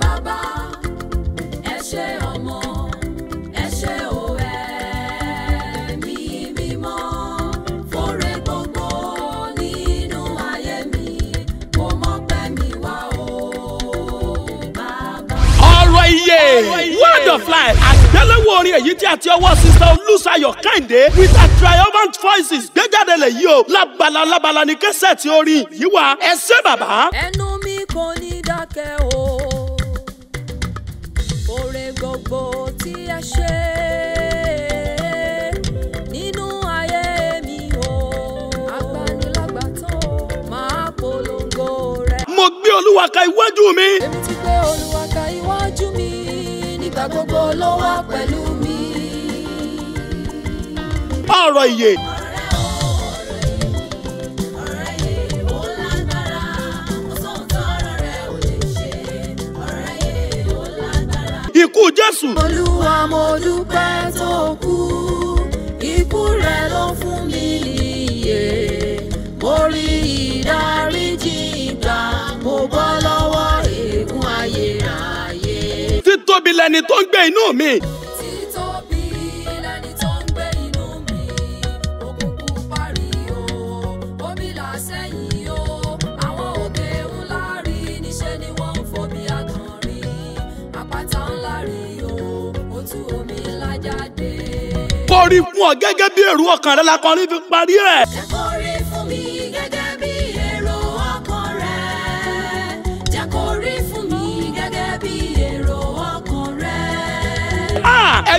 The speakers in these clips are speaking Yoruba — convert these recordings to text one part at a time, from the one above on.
bàbá ẹ ṣé ọmọ ẹ ṣé o Ẹ̀mí Mímọ́ fòrè gbogbo nínú ayé mi kó mọ̀ pé mi wà o bàbá. ọ̀rọ̀ orin èyí tí a ti ọwọ́ sísá olùsayọ̀ kẹ́hìndé with a triumphant voices gbé jáde lè yí o lábala lábala ní kẹsẹ̀ tí orin yìí wá ẹ ṣé bàbá. ẹnu mi kò ní dákẹ́ o gbogbo tí ẹ ṣe nínú ayé mi o agbanilágbà tán máa polongo rẹ. mo gbé olúwa ka iwájú mi. èmi ti gbé olúwa ka iwájú mi nígbà gbogbo ló wà pẹ̀lú mi. ọ̀rọ̀ ìyè. Jésù. Olúwa mo dúpẹ́ tó kú ikú rẹ̀ ló fún mi níyè mo rí ìdáríjì ìgbà mo bọ́ lọ́wọ́ ègún ayérayé. títóbi lẹni tó ń gbé inú mi. orí fún ọ gẹ́gẹ́ bí èrò ọkàn rẹ lakọrin fi parí ẹ̀. jẹ́ kó rí fún mi gẹ́gẹ́ bí èrò ọkàn rẹ. jẹ́ kó rí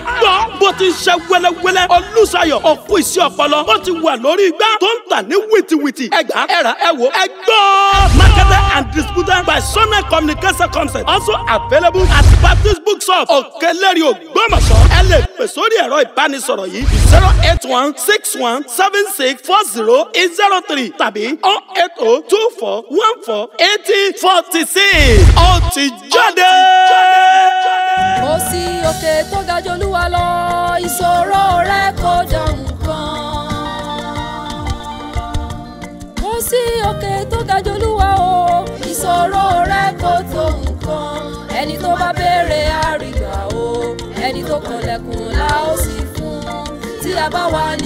gbọ́ bó ti ṣe wẹ́lẹ́wẹ́lẹ́ olùsayọ̀ òkú ìṣe ọpọlọ bó ti wà lórí igbá tó ń tà ní wìtìwìtì ẹgbà ẹ̀rà ẹ̀wò ẹgbọ́. marketed and distributed by Sona Communication Concept also available at Baptist bookshop ọ̀kẹ́lẹ́rì ògbómọ̀ṣọ́ ẹ lè pè sórí ẹ̀rọ ìbánisọ̀rọ̀ yìí zero eight one six one seven six four zero eight zero three tàbí oh eight oh two four one four eighty forty six ó ti jáde. mo sì òkè tó ga jù Olúwa lọ ìṣòro rẹ kò dáhùn kan mo sì òkè tó ga jù. bá one.